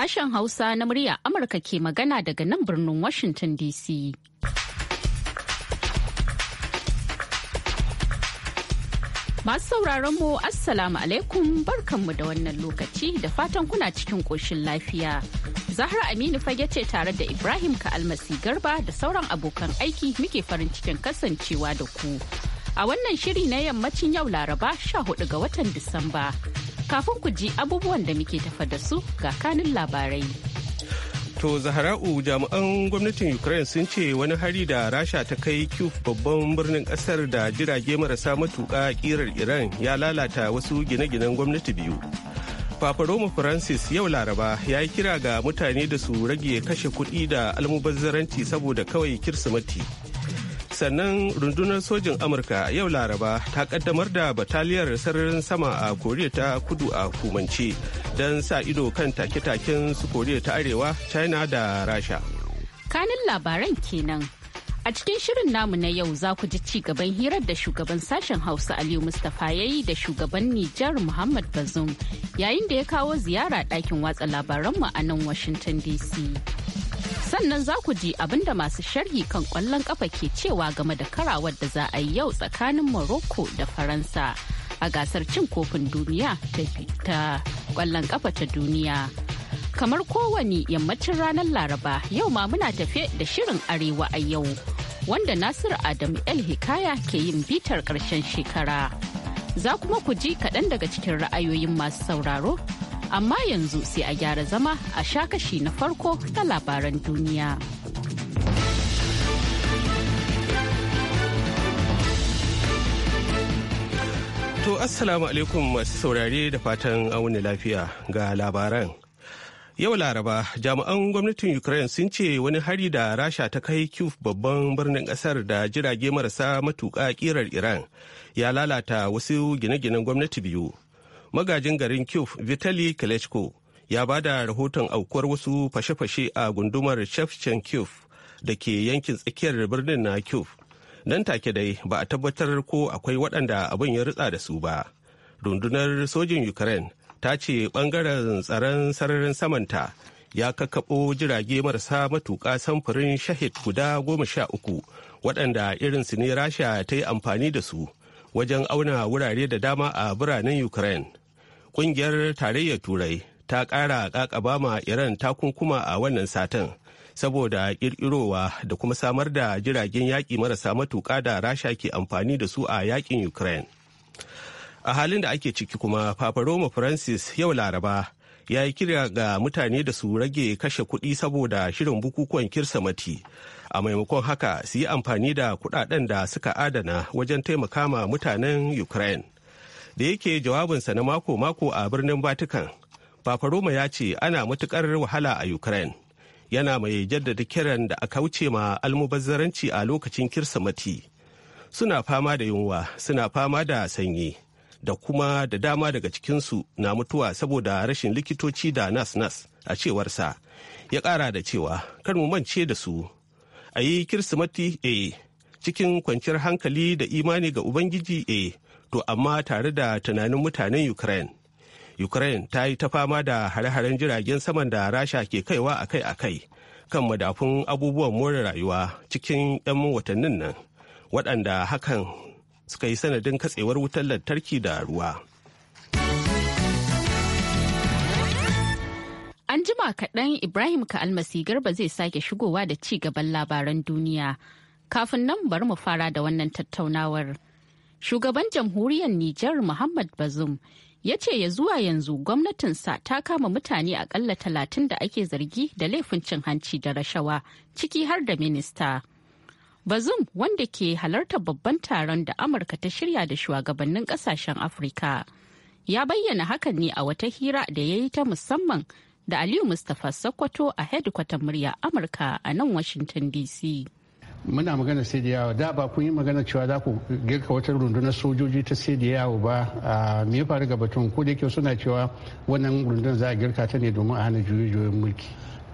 Sashen Hausa na murya Amurka ke magana daga nan birnin Washington DC. Masu sauraron mu Assalamu alaikum barkanmu da wannan lokaci da fatan kuna cikin ƙoshin lafiya. Zahra Aminu fage ce tare da Ibrahim ka Almasi Garba da sauran abokan aiki muke farin cikin kasancewa da ku. A wannan shiri na yammacin yau Laraba 14 ga watan Disamba. Kafin ku ji abubuwan da muke tafa da su ga kanin labarai. To Zahara'u jami'an gwamnatin Ukraine sun ce wani hari da Rasha ta kai Kyiv babban birnin kasar da jirage marasa matuƙa kirar Iran ya lalata wasu gine-ginen gwamnati biyu. Papa Roma Francis yau Laraba ya yi kira ga mutane da su rage kashe kuɗi da almubazzaranci saboda kawai Kirsimeti. sannan rundunar sojin amurka yau laraba ta kaddamar da bataliyar sararin sama a koriya ta kudu a hukumance don sa ido kan take-taken su koriya ta arewa china da rasha kanin labaran kenan a cikin shirin namu na yau za ku ji ci gaban hirar da shugaban sashen hausa aliyu mustapha ya yi da shugaban nijar muhammad bazoum yayin da ya kawo ziyara ɗakin watsa labaranmu a nan washington dc sannan za ku ji abin da masu sharhi kan kwallon kafa ke cewa game da karawar da za a yi yau tsakanin morocco da faransa a gasar cin kofin duniya ta kwallon kafa ta duniya kamar kowane yammacin ranar laraba yau ma muna tafe da shirin arewa a yau wanda nasir adam el hikaya ke yin bitar ƙarshen shekara za kuma ku ji kaɗan daga cikin ra'ayoyin masu sauraro amma yanzu sai a gyara zama a sha kashi na farko ta labaran duniya. To Assalamu alaikum masu saurare da fatan auni lafiya ga labaran. Yau Laraba, jami'an gwamnatin Ukraine sun ce wani hari da Rasha ta kai Kyiv babban birnin ƙasar da jirage marasa matuƙa ƙirar Iran ya lalata wasu gine-ginen gwamnati biyu. magajin garin Kyiv Vitali Klitschko ya ba da rahoton aukuwar wasu fashe-fashe a gundumar Shevchen Kyiv da ke yankin tsakiyar birnin na Kyiv. Nan take dai ba a tabbatar ko akwai waɗanda abin ya ritsa da su ba. Rundunar sojin Ukraine ta ce ɓangaren tsaron sararin samanta ya kakkaɓo jirage marasa matuƙa samfurin shahid guda goma sha uku waɗanda irinsu ne rasha ta yi amfani da su wajen auna wurare da dama a biranen ukraine Ƙungiyar tarayyar Turai ta ƙara ƙaƙabama ma Iran takunkuma a wannan satin saboda ƙirƙirowa da kuma samar da jiragen yaƙi marasa matuƙa da Rasha ke amfani da su a yaƙin Ukraine. A halin da ake ciki kuma, roma Francis yau Laraba ya yi kira ga mutane da su rage kashe kuɗi saboda shirin bukukuwan kirsimati a maimakon haka su yi amfani da kuɗaɗen da suka adana wajen taimaka ma mutanen ukraine da yake jawabinsa na mako-mako a birnin vatican fafaroma ya ce ana matukar wahala a ukraine yana mai jaddada kiran da aka wuce ma almubazzaranci a lokacin kirsimati suna fama da yunwa suna fama da sanyi da kuma da dama daga cikinsu na mutuwa saboda rashin likitoci da nas-nas a cewarsa ya ƙara da cewa kar mu mance da su a yi kirsimati eh cikin kwanciyar hankali da imani ga ubangiji e to amma tare da tunanin mutanen ukraine ukraine ta yi ta fama da hare-haren jiragen saman da rasha ke kaiwa akai-akai kan madafun abubuwan more rayuwa cikin 'yan watannin nan waɗanda hakan suka yi sanadin katsewar wutar lantarki da ruwa an jima kaɗan ibrahim ka garba zai sake shigowa da ci gaban labaran duniya Kafin nan bari mu fara da wannan tattaunawar. Shugaban jamhuriyar Nijar Muhammad Bazum ya ce ya zuwa yanzu gwamnatinsa ta kama mutane akalla talatin da ake zargi da laifin cin hanci da rashawa ciki har da minista. Bazum, wanda ke halartar babban taron da Amurka ta shirya da shugabannin kasashen Afirka. Ya bayyana hakan ne a wata hira da ya yi ta musamman da Aliyu Mustapha Sokoto a hedikwatar murya Amurka a nan Washington DC. muna magana sai da yawa da ba kun yi magana cewa za ku girka wata rundunar sojoji ta sai da yawa ba me ya faru ga batun ko da yake suna cewa wannan rundunar za a girka ta ne domin a hana juyoyin mulki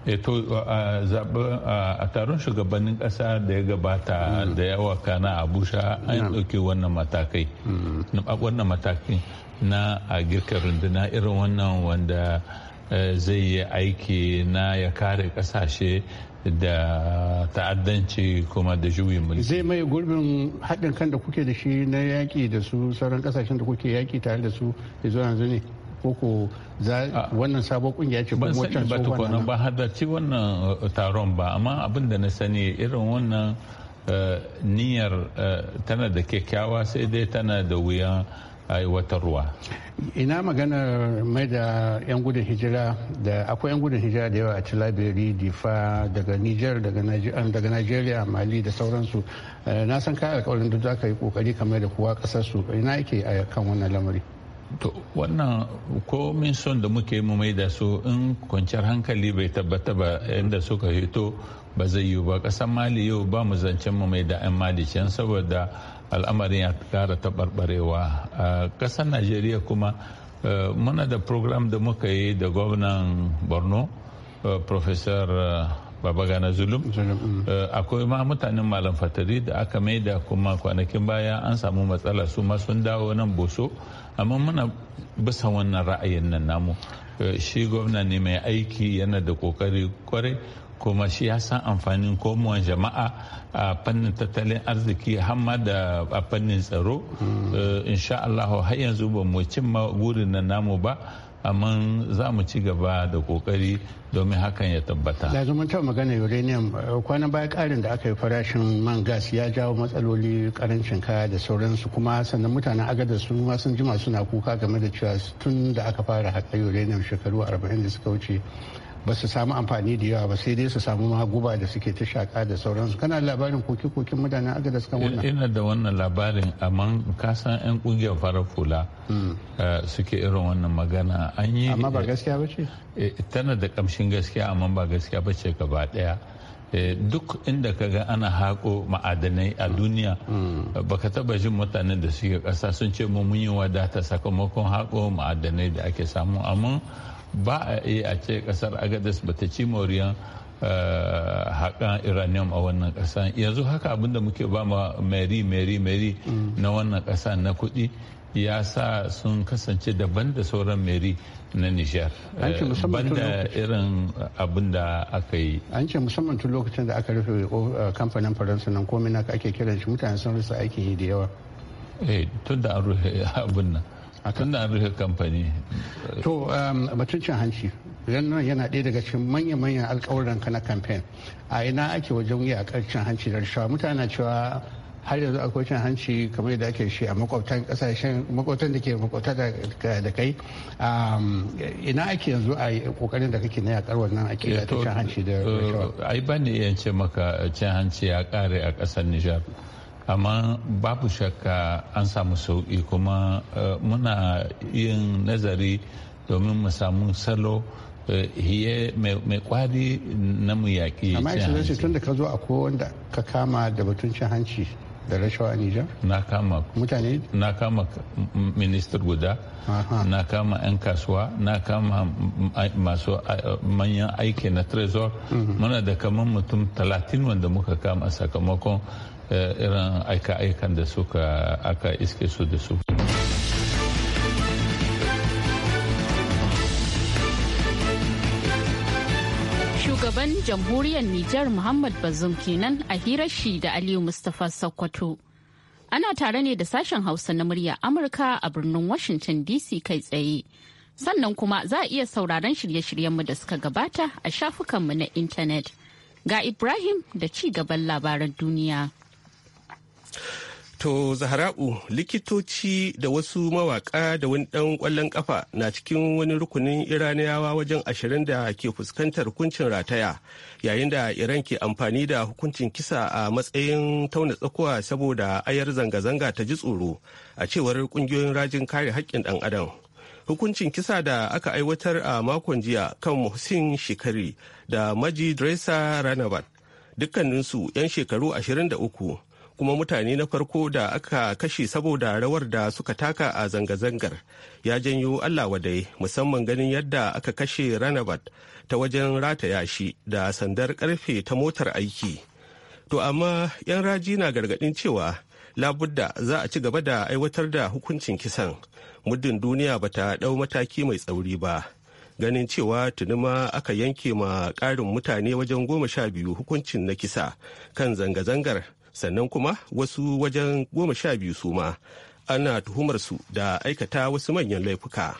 eh, to a taron shugabannin kasa da ya gabata mm. da yawa kana abuja an ɗauki wannan matakai mm. wannan mataki na a girka runduna irin wannan wanda eh, zai yi aiki na ya kare ƙasashe. da ta'addanci kuma da juyin mulki zai mai gurbin haɗin kan da kuke da shi na yaƙi da su sauran ƙasashen da kuke yaƙi tare da su zuwa yanzu ne koko za wannan sabon kungiya ce kuma wancan ba tukuna ba hadarci wannan uh, taron ba amma abin da na sani irin wannan uh, niyyar uh, tana da kyakkyawa sai dai tana da wuya aiwatarwa ina maganar mai da 'yan gudun hijira da akwai 'yan gudun hijira da yawa a tilaberi difa daga niger daga nigeria mali da sauransu eh, na san kayan alkawarin da za ka yi kokari kamar da kowa kasar su ina yake a kan wannan lamari to wannan ko min son da muke mu mai da su in kwanciyar hankali bai tabbata ba yadda suka hito ba zai yiwu ba kasar mali yau ba mu zancen mu mai da 'yan mali can saboda al'amarin ya kara taɓarɓarewa a ƙasar najeriya kuma eh, muna da program da muka yi da gwamnan borno eh, professor eh, babagana zulum mm. akwai ma mutanen malam fatari da aka maida kuma kwanakin baya an samu matsala su ma sun dawo nan boso amma muna bisa wannan ra'ayin nan namu shi gwamna ne mai aiki yana da kokari kwarai kuma shi ya san amfanin komowar jama'a a fannin tattalin arziki hamma da a fannin tsaro eh, insha Allah har yanzu ba mu cimma gurin nan namu ba amma za mu ci gaba da kokari domin hakan ya tabbata. Da ta magana uranium kwanan baya karin da aka yi farashin man gas ya jawo matsaloli karancin kaya da sauransu kuma sannan mutanen agada su ma sun jima suna kuka game da cewa tun da aka fara haƙa uranium shekaru 40 da suka wuce ba su samu amfani da yawa ba sai dai su samu maguba da suke ta shaka da sauransu kana labarin koke-koken mutanen da suka wannan eh, ina da wannan labarin amma ka san yan kungiyar farar fula hmm. eh, suke irin wannan magana an yi amma ba eh, gaskiya ba ce tana da kamshin gaskiya amma ba gaskiya ba ce gaba daya duk inda ka ga ana haƙo ma'adanai a duniya hmm. baka taba jin mutanen da suke ƙasa sun ce mu mun yi wadata sakamakon haƙo ma'adanai da ake samu amma ba a iya a ce kasar agadis ba ta ci moriyan eh, haƙan iranium a wannan ƙasa yanzu haka abinda muke ba ma meri meri meri mm. na wannan ƙasa na kuɗi ya sa sun kasance daban da sauran meri na nijar eh, banda irin abin da aka yi an ce musamman tun lokacin da aka rufe eh, kamfanin faransa nan komai na ake kiran shi mutane sun rasa yi da yawa tun da an rufe abin nan a tun da an kamfani to um, batun hanci nan yana ɗaya daga cikin manya-manyan alkawuran kana na a ina ake wajen yi a cin hanci da rashawa mutane cewa har yanzu akwai cin hanci kamar yadda ake shi a makwabtan kasashen makwabtan da ke makwabta da kai um, ina ake yanzu a kokarin da kake na yakar wannan ake da eh, cin hanci da eh, rashawa ai ban ni iya ce maka cin hanci ya kare a kasar Nijar amma babu shakka an samu sauƙi kuma eh, muna yin nazari domin mu samu salo eh, hiye mai kwari na mu yaƙi amma ya tun da ka zo akwai wanda ka kama da batun cin hanci da rashawa a Nijar? Na kama. Mutane? Na kama ministar guda, na kama 'yan kasuwa, na kama masu manyan aiki na Trezor. Mhm. Muna da kamar mutum talatin wanda muka kama sakamakon Eh, irin aika-aikan da suka aka iske su da su. Shugaban jamhuriyar Nijar Muhammad Bazum kenan a hirar shi da Aliyu Mustapha Sokoto. Ana tare ne da sashen Hausa na murya Amurka a birnin Washington DC kai tsaye. Sannan kuma za a iya sauraron shirye-shiryenmu da suka gabata a shafukanmu na intanet. Ga Ibrahim da ci gaban labaran duniya. To Zahra'u likitoci da wasu mawaka da wani ɗan ƙwallon ƙafa na cikin wani rukunin Iraniyawa wajen ashirin da ke fuskantar hukuncin rataya yayin da Iran ke amfani da hukuncin kisa a matsayin tauna tsakuwa saboda ayar zanga-zanga ta ji tsoro a cewar ƙungiyoyin rajin kare haƙƙin ɗan adam. Hukuncin kisa da aka aiwatar a makon jiya kan Muhsin Shikari da Maji Dresa Ranabat dukkaninsu 'yan shekaru ashirin uku. kuma mutane na farko da aka kashe saboda rawar da suka taka a zanga-zangar ya janyo allah wadai musamman ganin yadda aka kashe ranabat ta wajen rataya shi da sandar karfe ta motar aiki to amma 'yan raji na gargadin cewa labudda za a ci gaba da aiwatar da hukuncin kisan muddin duniya ba ta dau mataki mai tsauri ba ganin cewa tuni ma aka yanke ma ƙarin mutane wajen goma sha biyu hukuncin na kisa kan zanga-zangar sannan kuma wasu wajen goma sha biyu su ma ana su da aikata wasu manyan laifuka.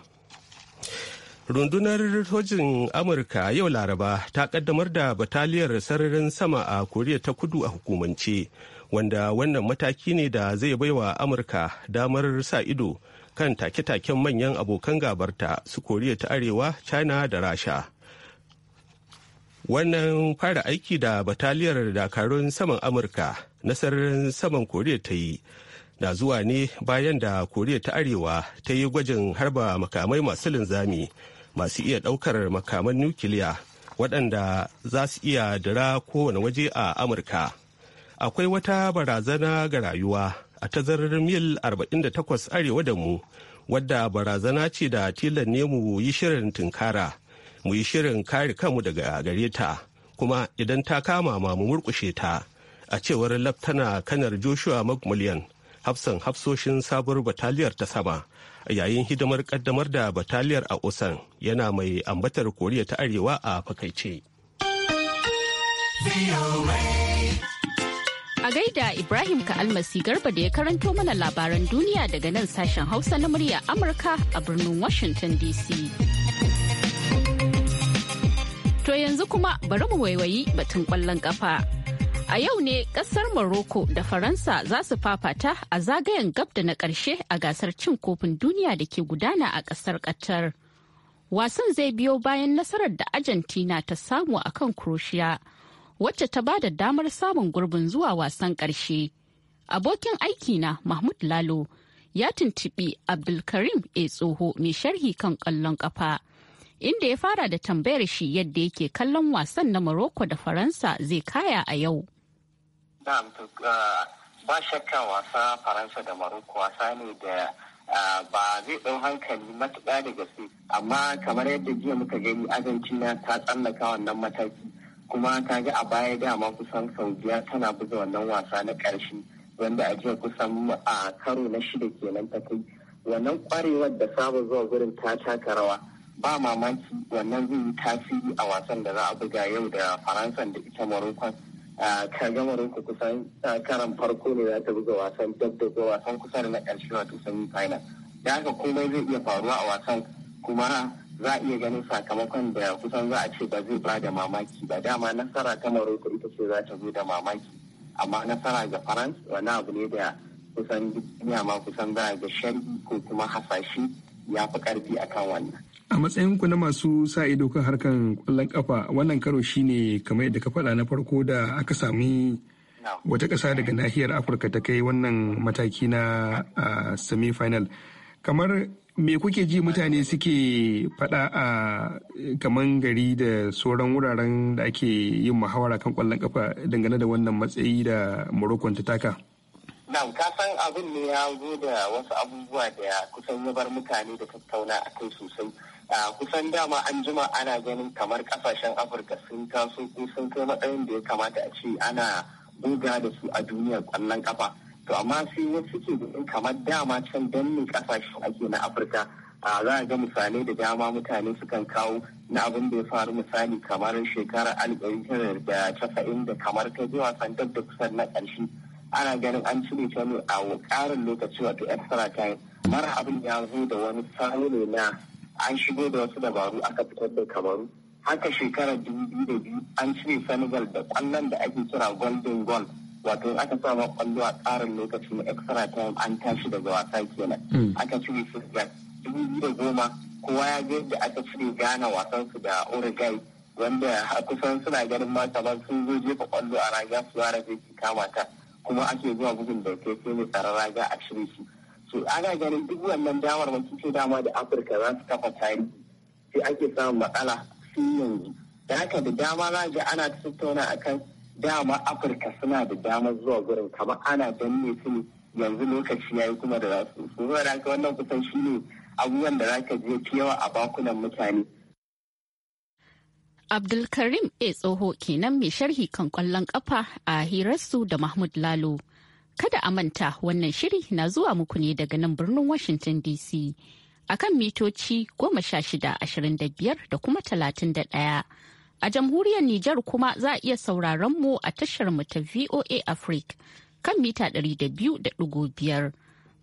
rundunar sojin amurka yau laraba ta kaddamar da bataliyar sararin sama a koriya ta kudu a hukumance wanda wannan mataki ne da zai baiwa amurka damar sa ido kan take-taken manyan abokan gabarta su koriya ta arewa china da rasha wannan fara aiki da bataliyar dakarun saman amurka nasarar saman koriya ta yi na zuwa ne bayan da koriya ta arewa ta yi gwajin harba makamai masu linzami masu iya daukar makaman nukiliya waɗanda za su iya dira kowane waje a amurka akwai wata barazana ga rayuwa a tazarar mil 48 arewa da mu wadda barazana ce da tilan nemu yi shirin tunkara mu yi shirin kare kanmu daga gare ta kuma idan ta kama ma mu murkushe ta a cewar laftana kanar joshua mcmillian hafsan hafsoshin sabuwar bataliyar ta sama yayin hidimar kaddamar da bataliyar a osan yana mai ambatar koriya ta arewa a fakaice a gaida ibrahim ka'almasi garba da ya karanto mana labaran duniya daga nan sashen hausa na murya amurka a birnin washington dc yanzu kuma bari mu waiwayi batun kwallon kafa. A yau ne ƙasar Morocco da Faransa za su fafata a zagayen gab da na ƙarshe a gasar cin kofin duniya da ke gudana a ƙasar Qatar. Wasan zai biyo bayan nasarar da Argentina ta samu a kan Croatia, wacce ta ba da damar samun gurbin zuwa wasan ƙarshe. Abokin aikina Mahmud Lalo ya tuntuɓi Abdulkarim E Tsoho mai sharhi kan ƙwallon ƙafa. inda ya fara da tambayar shi yadda yake kallon wasan na Morocco da Faransa zai kaya a yau. Uh, ba shakka wasa Faransa da Morocco wasa ne da uh, ba zai ɗau hankali matuƙa da gaske amma kamar yadda jiya muka gani na ta tsallaka wannan mataki kuma ta ga a baya dama kusan Saudiya tana buga wannan wasa na ƙarshe wanda a jiya kusan a uh, karo na shida kenan takai wannan ƙwarewar da saba zuwa gurin ta taka rawa. ba mamaki wannan zai yi tasiri a wasan da za a buga yau da faransa da ita marokon ah, ka ga maroko kusan ah, karan farko ne za ta buga wasan dab da wasan kusa da na ƙarshe wato semi final da haka komai zai iya faruwa a wasan kuma za a iya ganin sakamakon da kusan za a ce ba zai ba da mamaki ba dama nasara ta maroko ita ce za ta zo da mamaki amma nasara ga faransa wani abu ne da kusan duniya ma kusan za a ga sharhi ko kuma hasashi ya fi karfi akan wannan a matsayin ku na masu sa ido kan harkan kwallon kafa wannan karo shine kamar yadda ka faɗa na farko da aka sami wata ƙasa daga nahiyar afirka ta kai wannan mataki na semi final kamar me kuke ji mutane suke faɗa a kaman gari da sauran wuraren da ake yin muhawara kan kwallon kafa dangane da wannan matsayi da morocco ta taka Na'am ka san abin ne ya zo da wasu abubuwa da kusan ya bar mutane da tattauna a kai sosai A kusan dama an jima ana ganin kamar kasashen afirka sun taso ko sun kai matsayin da ya kamata a ce ana buga da su a duniyar kwallon kafa to amma sai wasu ke ganin kamar dama can danne kasashen ake na afirka a za a ga misalai da dama mutane sukan kawo na abin da ya faru misali kamar shekarar alif da casa'in da kamar ta je wasan dab da kusan na ƙarshe ana ganin an cire ta ne a ƙarin lokaci wato extra time mara abin ya zo da wani salo ne na an shigo da wasu dabaru aka fitar da kamaru haka shekarar dubu da biyu an cire senegal da kwallon da ake kira golden goal wato aka sama kwallo a tsarin lokacin na extra time an tashi daga wasa kenan hmm. aka cire senegal dubu biyu da goma kowa ya ga yadda aka cire gana wasan su da uruguay wanda kusan suna ganin mata ba sun zo jefa kwallo a raga su ya rage kama ta kuma ake zuwa bugun da ke sai mai tsaron raga a cire shi so ana ganin duk wannan damar mun ce dama da afirka za su kafa tarihi sai ake samun matsala sun yanzu da haka da dama za ga ana tattauna akan dama afirka suna da damar zuwa gurin kamar ana danne su ne yanzu lokaci ya yi kuma da za su zuwa da haka wannan kusan shi ne abubuwan da za ka je fi yawa a bakunan mutane Abdulkarim A tsoho kenan mai sharhi kan kwallon kafa a hirarsu da Mahmud Lalo. Kada a manta wannan shiri na zuwa muku ne daga nan birnin Washington DC a kan mitoci goma sha shida ashirin da biyar da kuma talatin da ɗaya. A jamhuriyar Nijar kuma za a iya sauraron mu a tashar mu ta VOA Africa kan mita ɗari da biyu da ɗigo biyar.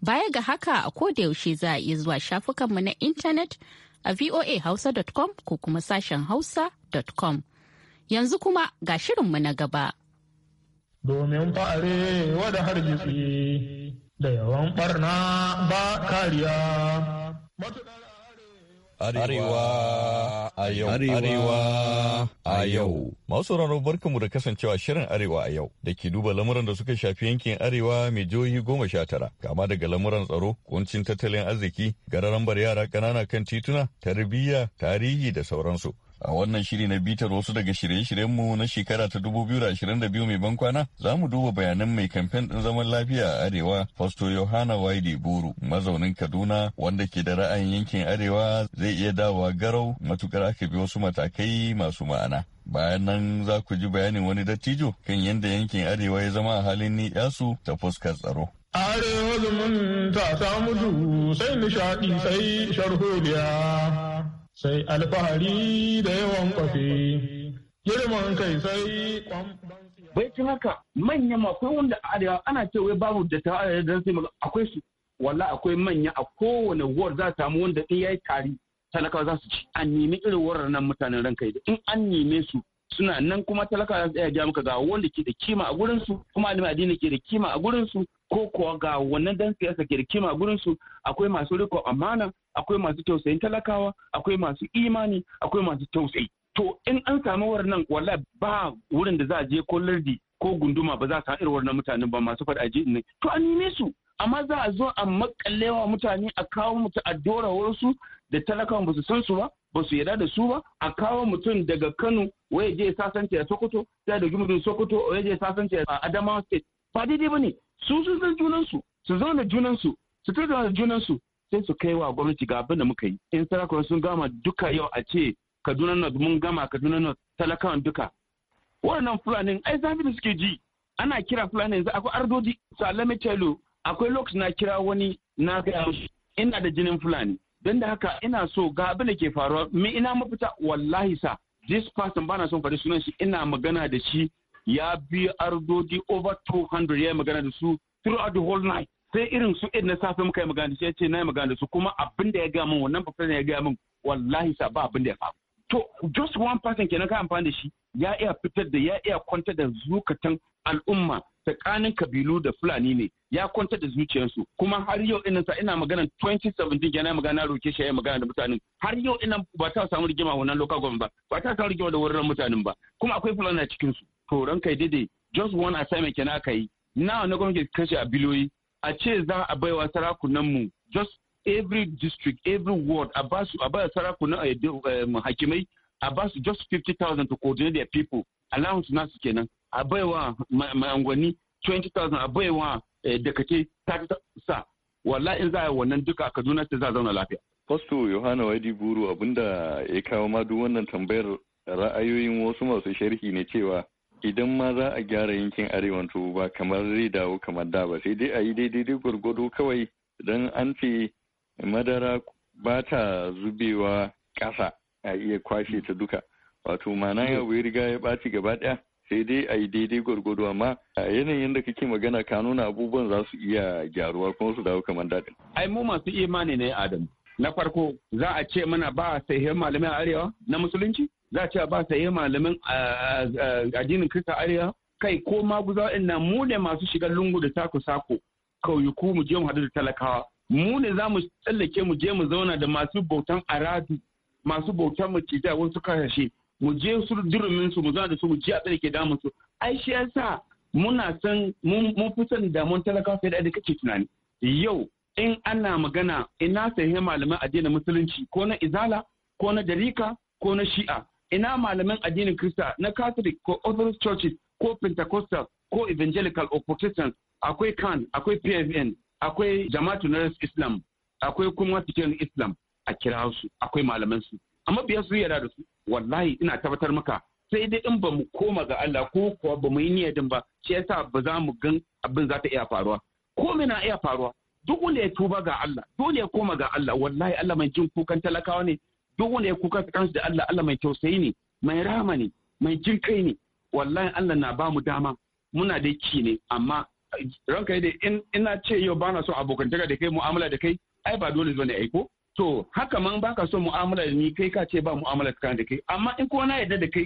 Baya ga haka a yaushe za a iya zuwa shafukanmu na intanet a voahausa.com ko kuma sashen hausa.com. Yanzu kuma ga shirinmu na gaba. domin fa'are da hargitsi da yawan barna ba kariya. Arewa a yau. Masu rano barkanmu da kasancewa shirin Arewa a yau da ke duba lamuran da suka shafi yankin Arewa mai jihohi goma sha tara. Kama daga lamuran tsaro, kuncin tattalin arziki, gararambar yara ƙanana kan tituna, tarbiyya, tarihi da sauransu. A wannan shiri na bitar wasu daga shirye-shiryenmu na shekara ta 2022 mai ban kwana, za mu duba bayanan mai kamfen ɗin zaman lafiya a Arewa Fasto Yohana Waide Buru mazaunin Kaduna wanda ke da ra'ayin yankin Arewa zai iya dawowa garau matukar aka bi wasu matakai masu ma'ana. Bayan nan za ku ji bayanin wani dattijo kan yadda yankin Arewa ya zama a halin ni yasu ta fuskar tsaro. Arewa zumunta ta mutu sai nishaɗi sai sharholiya. sai alfahari da yawan kwafi. Girman kai sai Bai cin haka manya akwai wanda a arewa ana ce wai babu da ta arewa don sai akwai su. Walla akwai manya a kowane war za samu wanda in yayi tari talakawa za su ci. An nemi irin nan mutanen ran idan in an neme su suna nan kuma talakawa za su iya ga maka ga wanda ke da kima a gurinsu kuma alimadi ne ke da kima a gurinsu ko kuwa ga wannan dan siyasa ke kima gurin su akwai masu riko amana akwai masu tausayin talakawa akwai masu imani akwai masu tausayi to in an samu wannan wallahi ba wurin da za a je ko lardi ko gunduma ba za a irin wannan mutanen ba masu faɗaje ne to an nime su amma za a zo a makallewa mutane a kawo mutu a dora wasu da talakawa ba su san su ba ba su yarda da su ba a kawo mutum daga Kano waye je sasanta ya Sokoto sai da gimbin Sokoto waye je sasanta a Adamawa State ba daidai ba ne su sun san junansu su zauna junansu su tattauna junansu sai su kai wa gwamnati ga abin da muka yi in sarakuna sun gama duka yau a ce kaduna north mun gama kaduna north talakawan duka waɗannan fulani ai zafi da suke ji ana kira fulani yanzu akwai ardoji alame telo akwai lokacin na kira wani na gaya ina da jinin fulani don da haka ina so ga abin da ke faruwa me ina mafita wallahi sa this person bana son faɗi sunan shi ina magana da shi ya bi ardodi over 200 ya yi magana da su throughout the whole night sai irin su irin na safe muka yi magana da shi ya ce na yi magana da su kuma abin da ya gaya min wannan professor ya gaya min wallahi sa ba abin da ya faru to just one person kenan ka amfani da shi ya iya fitar da ya iya kwantar da zukatan al'umma tsakanin kabilu da fulani ne ya kwantar da zuciyarsu kuma har yau ina sa ina magana 2017 kenan magana roke shi ya magana da mutanen har yau ina ba ta samu rigima wannan local government ba ba ta samu rigima da wurin mutanen ba kuma akwai fulani a cikin su horon kai daidai just one assignment kenan aka yi na na gwamnati kashe a biloyi a ce za a baiwa sarakunan mu just every district every ward a ba su a ba sarakunan eh, eh, hakimai a ba su just 50,000 to coordinate their people allowance nasu kenan a baiwa ma'angwani 20,000 a baiwa eh, dakate sa walla in za a yi wannan duka a kaduna sai za a zauna lafiya. Fasto Yohana Wadi Buru abinda ya kawo ma duk wannan tambayar ra'ayoyin wasu masu sharhi ne cewa idan ma za a gyara yankin arewan to ba kamar zai dawo kamar da ba sai dai a yi daidai gwargwado kawai don an ce madara ba ta zubewa ƙasa a iya kwashe ta duka wato mana hmm. ya riga ya ɓaci gaba ɗaya sai dai a yi daidai gwargwado amma a yanayin da kake magana ka nuna abubuwan za su iya gyaruwa kuma su dawo kamar da ai mu masu imani ne adam na farko za a ce mana ba sahihin malamai a arewa na musulunci za a ce ba yi malamin addinin Kirista Arewa kai ko maguza ina mu ne masu shiga lungu da sako sako kauyuku mu je mu hadu da talakawa mu ne za mu tsallake mu je mu zauna da masu bautan aradu masu bautan macizai wasu kasashe mu je su durumin su mu zauna da su mu je a tsallake damun su ai shi yasa muna san mun fi son damun talakawa fiye da kake tunani yau in ana magana ina sai malaman addinin musulunci ko na izala ko na darika ko na shi'a ina malaman addinin Krista na Catholic ko Orthodox Churches ko Pentecostal ko Evangelical or Protestant akwai Khan, akwai PFN, akwai Jama'atu na Islam, akwai kuma cikin Islam a kira su, akwai malaman su. Amma biya su yara da su, wallahi ina tabbatar maka sai dai in ba mu koma ga Allah ko kuwa ba mu yi niyyadin ba, shi yasa ba za mu gan abin za ta iya faruwa. Ko na iya faruwa, duk wanda ya tuba ga Allah, dole ya koma ga Allah, wallahi Allah mai jin kukan talakawa ne, duk wanda ya kuka kansu da Allah Allah mai tausayi ne mai rahama ne mai jin kai ne wallahi Allah na ba mu dama muna da ki ne amma ranka da in ina ce yau bana so abokantaka da kai mu'amala da kai ai ba dole ne aiko to haka man baka so mu'amala da ni kai ka ce ba mu'amala tsakanin da kai amma in ko na yadda da kai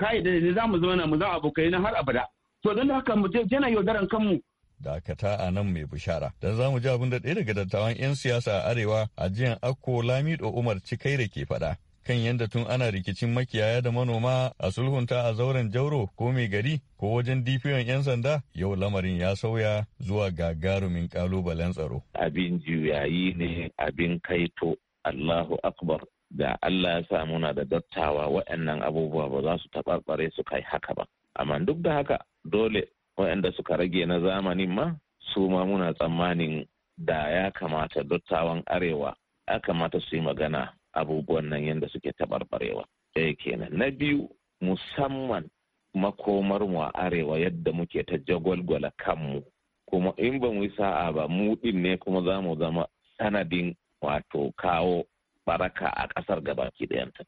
ka yadda da ni mu zama mu za abokai na har abada to don haka mu je yana yaudaran kanmu dakata a nan mai bishara don za mu ji abin da ɗaya daga dattawan 'yan siyasa a arewa a jiyan akko lamido umar da ke faɗa kan yadda tun ana rikicin makiyaya da manoma a sulhunta a zauren jauro ko mai gari ko wajen difiyon 'yan sanda yau lamarin ya sauya zuwa gagarumin kalubalen tsaro. Abin juyayi ne abin kaito Allahu Akbar da Allah ya sa muna da dattawa waɗannan abubuwa ba za su taɓarɓare su kai haka ba. Amma duk da haka dole waɗanda suka rage na zamanin ma su ma muna tsammanin da ya kamata dattawan arewa ya kamata su yi magana abubuwan nan yadda suke taɓarɓarewa ɗaya kenan na biyu musamman makomar mu a arewa yadda muke ta jagwalgwala kanmu kuma in ba mu yi sa'a ba mu ɗin ne kuma za mu zama sanadin wato kawo baraka a ƙasar gabaki ɗayanta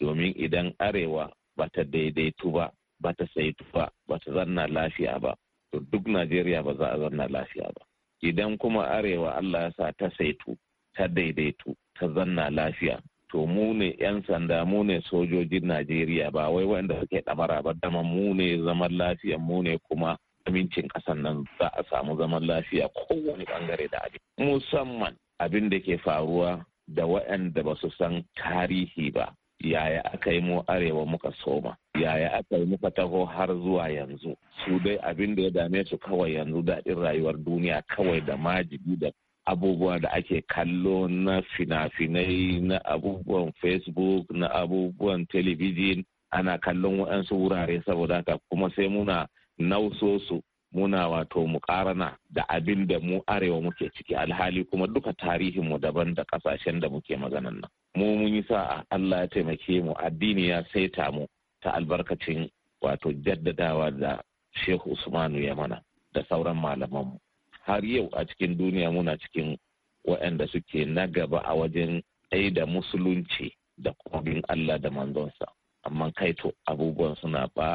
domin idan arewa ba ta daidaitu ba ba ta saitu ba ba ta zanna lafiya ba to duk najeriya ba za a zanna lafiya ba idan kuma arewa allah ya sa ta saitu ta daidaitu ta zanna lafiya to mu ne 'yan sanda mu ne sojojin najeriya ba wai wanda suke damara ba dama mu ne zaman lafiya mu ne kuma amincin ƙasa nan za a samu zaman lafiya kowane bangare da abin musamman abin da ke faruwa da waɗanda ba su san tarihi ba yaya aka yi mu arewa muka soma yaya aka yi muka taho har zuwa yanzu su dai abin da ya dame su kawai yanzu daɗin rayuwar duniya kawai da majibi da abubuwa da ake kallo na fina-finai na abubuwan facebook na abubuwan telebijin ana kallon waɗansu wurare saboda haka kuma sai muna nausosu. muna wato mu ƙarana da abin da mu arewa muke ciki alhali kuma duka tarihinmu daban da kasashen da muke maganan nan mu mun yi sa'a Allah ya taimake mu addini ya saita mu ta albarkacin wato jaddadawa da Shehu Usmanu ya mana da sauran malaman mu. har yau a cikin duniya muna cikin waɗanda suke na gaba a wajen ɗaya da musulunci da kuma bin Allah da manzonsa amma kaito abubuwan suna ba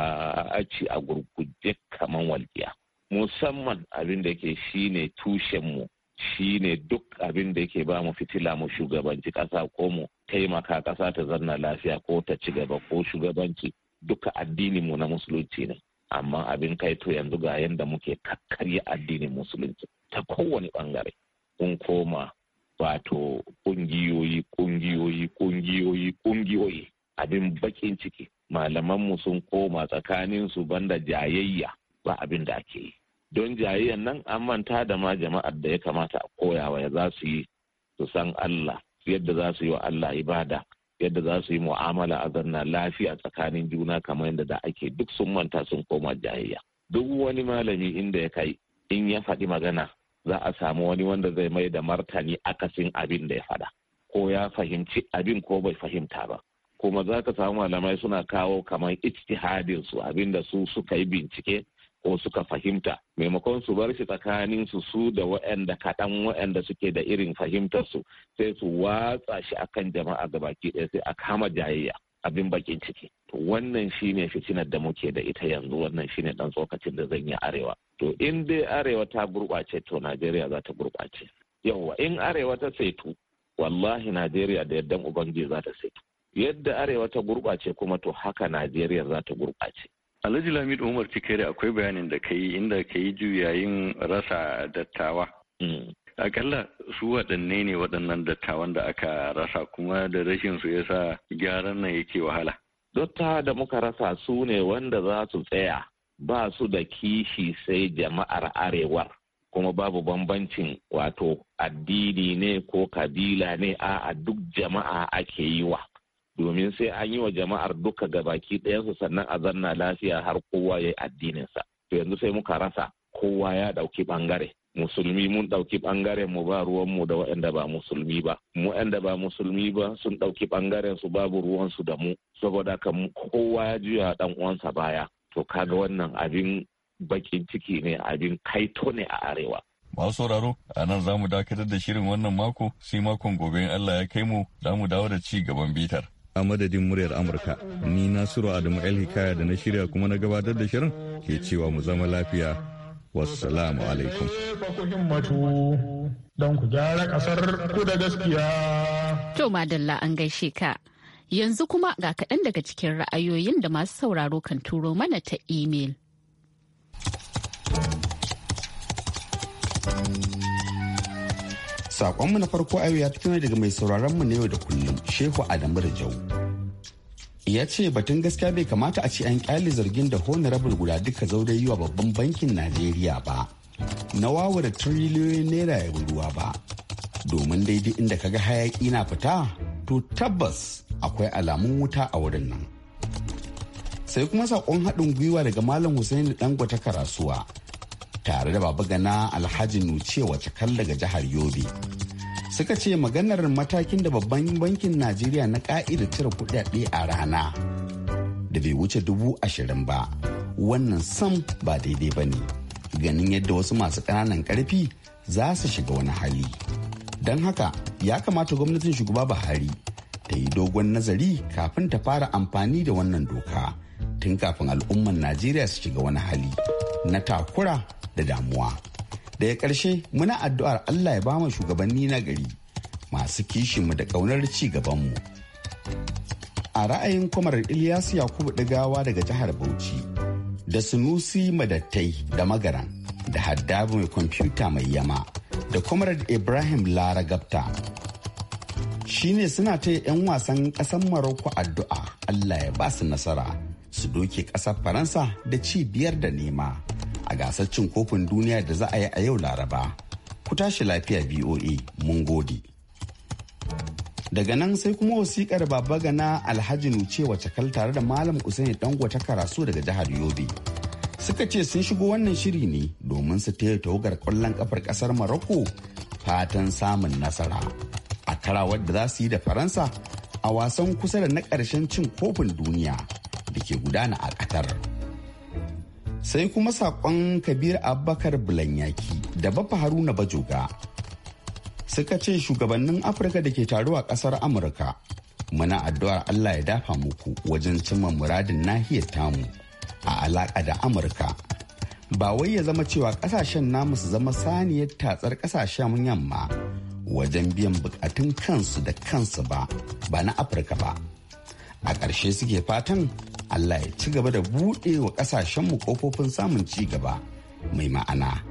a gurguje kaman walƙiya musamman abin da ke shine tushenmu shine duk abin da yake ba mu fitila mu shugabanci ƙasa ko mu taimaka ƙasa ta zanna lafiya ko ta ci gaba ko shugabanci duka addinin mu na musulunci ne amma abin kai to yanzu ga yanda muke kakkarya addinin musulunci ta kowane bangare kun koma wato kungiyoyi kungiyoyi kungiyoyi kungiyoyi abin bakin ciki malamanmu sun koma tsakaninsu banda jayayya ba abin da ake yi don jayayyan nan an manta da ma jama'ar da ya kamata a koyawa ya za su yi su san Allah yadda za su yi wa Allah ibada yadda za su yi mu'amala a zanna lafiya tsakanin juna kamar yadda da ake duk sun manta sun koma jayayya duk wani malami inda ya kai in ya faɗi magana za a samu wani wanda zai mai da martani akasin abin da ya faɗa ko ya fahimci abin ko bai fahimta ba kuma za ka samu malamai suna kawo kamar ijtihadin su abin da su suka yi bincike ko suka fahimta maimakon su bar shi tsakanin su su da waɗanda kaɗan waɗanda suke da irin fahimtar su sai su watsa shi akan jama'a ga baki ɗaya sai a kama jayayya abin bakin ciki to wannan shine fitinar da muke da ita yanzu wannan shine dan tsokacin da zan yi arewa to in dai arewa ta gurɓace to najeriya za ta gurɓace yawwa in arewa ta saitu wallahi najeriya da yaddan ubangiji za ta saitu yadda arewa ta gurɓace kuma to haka najeriya za ta gurɓace Alhaji Lamid Umar Cikere akwai bayanin da ka yi inda ka yi juyayin rasa dattawa. Mm. Akalla su waɗanne ne waɗannan dattawan da aka rasa kuma da rashin su yasa gyaran nan yake wahala. Dotta da muka rasa su ne wanda za su tsaya ba su da kishi sai jama'ar arewar kuma babu bambancin wato addini ne ko kabila ne a duk jama'a ake yi wa. domin sai an yi wa jama'ar duka gabaki ɗayansu sannan a zanna lafiya har kowa ya yi addininsa to yanzu sai muka rasa kowa ya ɗauki ɓangare musulmi mun ɗauki ɓangaren mu ba ruwanmu da waɗanda ba musulmi ba mu waɗanda ba musulmi ba sun ɗauki ɓangaren su babu ruwansu da mu saboda haka kowa ya juya ɗan uwansa baya to kaga wannan abin bakin ciki ne abin kaito ne a arewa Masu sauraro, a nan za mu dakatar da shirin wannan mako, sai makon gobe in Allah ya kai mu za mu dawo da ci gaban bitar. a madadin muryar amurka ni nasiru adamu el hikaya da na shirya kuma na gabatar da shirin ke cewa mu zama lafiya wassalamu alaikum don ku gyara kasar ku da gaskiya to madalla an gaishe ka yanzu kuma ga kaɗan daga cikin ra'ayoyin da masu sauraro kan turo mana ta imel. Sakonmu na farko a ya fito ne daga mai sauraron mu na yau da kullum Shehu Adamu Rajau. Ya ce batun gaskiya bai kamata a ce an kyale zargin da honorable guda duka zaure yi wa babban bankin Najeriya ba. Na wawar tiriliyoyin naira ya ruwa ba. Domin daidai inda kaga hayaki na fita to tabbas akwai alamun wuta a wurin nan. Sai kuma sakon haɗin gwiwa daga Malam Hussein Dangote Karasuwa. tare da baba gana alhaji nuce wace kan daga jihar yobe suka ce maganar matakin da babban bankin najeriya na ka'ida cire kudade a rana da bai wuce dubu ashirin ba wannan sam ba daidai ba ne ganin yadda wasu masu ƙananan ƙarfi za su shiga wani hali don haka ya kamata gwamnatin shugaba buhari ta yi dogon nazari kafin ta fara amfani da wannan doka tun kafin al'umman najeriya su shiga wani hali na takura da damuwa daga ƙarshe muna addu'ar allah ya ba mu shugabanni na gari masu kishinmu da ƙaunar ci gabanmu a ra'ayin kwamar ilyasu yakubu ɗigawa daga jihar bauchi da sunusi madattai da magaran da haddabu mai kwamfuta mai yama da comrade ibrahim laragabta shine suna ta 'yan wasan ƙasar maroko addu'a allah ya ba su nasara su doke ƙasar faransa da ci biyar da nema a gasar cin kofin duniya da za a yi a yau laraba ku tashi lafiya boa mun gode daga nan sai kuma wasikar baba gana alhaji nuce wace kal tare da malam usaini dango ta karasu daga jihar yobe suka ce sun shigo wannan shiri ne domin su taya tawagar kwallon kafar kasar maroko fatan samun nasara a karawar da za su yi da faransa a wasan kusa da na ƙarshen cin kofin duniya da ke gudana a qatar. sai kuma saƙon kabir abubakar bulanyaki da bafa haruna bajoga suka ce shugabannin afirka da ke taruwa ƙasar amurka muna addu'ar allah ya dafa muku wajen cimma muradin nahiyar tamu a alaƙa da amurka ba wai ya zama cewa ƙasashen namu su zama saniyar tatsar ƙasashen yamma wajen biyan bukatun kansu da kansu ba ba na afirka ba a ƙarshe suke fatan Allah ya ci gaba da buɗe wa ƙasashenmu kofofin samun ci gaba mai ma'ana.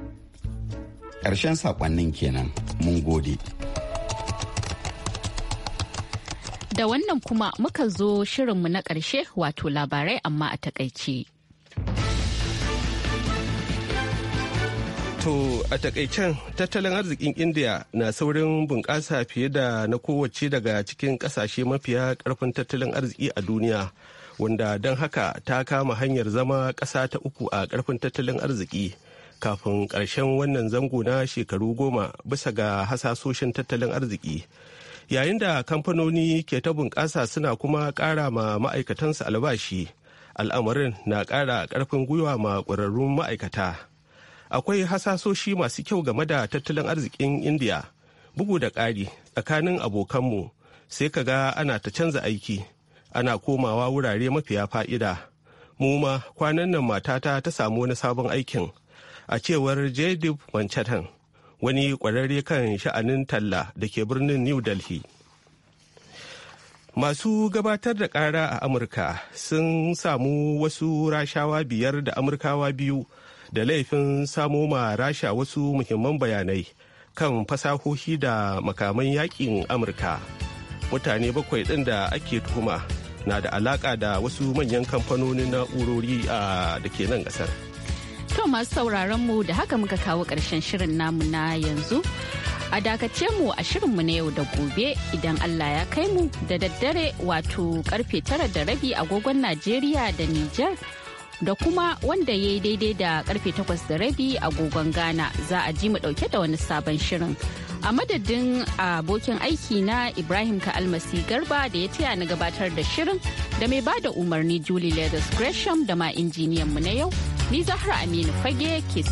Ƙarshen saƙonnin kenan mun gode. Da wannan kuma muka zo shirinmu na ƙarshe wato labarai amma a takaice. To a takaicen tattalin arzikin India na saurin bunƙasa fiye da na kowace daga cikin ƙasashe mafiya ƙarfin tattalin arziki a duniya. wanda don haka ta kama hanyar zama ƙasa ta uku a ƙarfin tattalin arziki kafin ƙarshen wannan zango na shekaru goma bisa ga hasasoshin tattalin arziki yayin da kamfanoni ke ta bunƙasa suna kuma ƙara ma ma'aikatansu albashi al'amarin na ƙara ƙarfin gwiwa ma ƙwararrun ma'aikata akwai hasasoshi masu kyau game da tattalin arzikin indiya bugu da ƙari tsakanin abokanmu sai ka ga ana ta canza aiki ana komawa wurare mafiya fa'ida mu ma kwanan nan matata ta samu wani sabon aikin a cewar jadib manchatan wani kwararre kan sha'anin talla da ke birnin new delhi masu gabatar da kara a amurka sun samu wasu rashawa biyar da amurkawa biyu da laifin samo ma rasha wasu muhimman bayanai kan fasahohi da makaman yakin amurka mutane bakwai ɗin da ake tuhuma na da alaka da wasu manyan kamfanonin na'urori da ke nan kasar. To masu sauraron mu da haka muka kawo ƙarshen shirin namu na yanzu. A dakace mu a shirin mu na yau da gobe idan Allah ya kai mu da daddare wato karfe tara da rabi agogon Najeriya da Nijar da kuma wanda ya yi daidai da karfe takwas da rabi agogon Ghana za a ji mu dauke da wani sabon shirin. a madadin abokin aiki na ibrahim ka'almasi garba da ya taya na gabatar da shirin da mai bada umarni julie leathers gresham da ma injiniyan mu na yau ni zahra aminu fage ke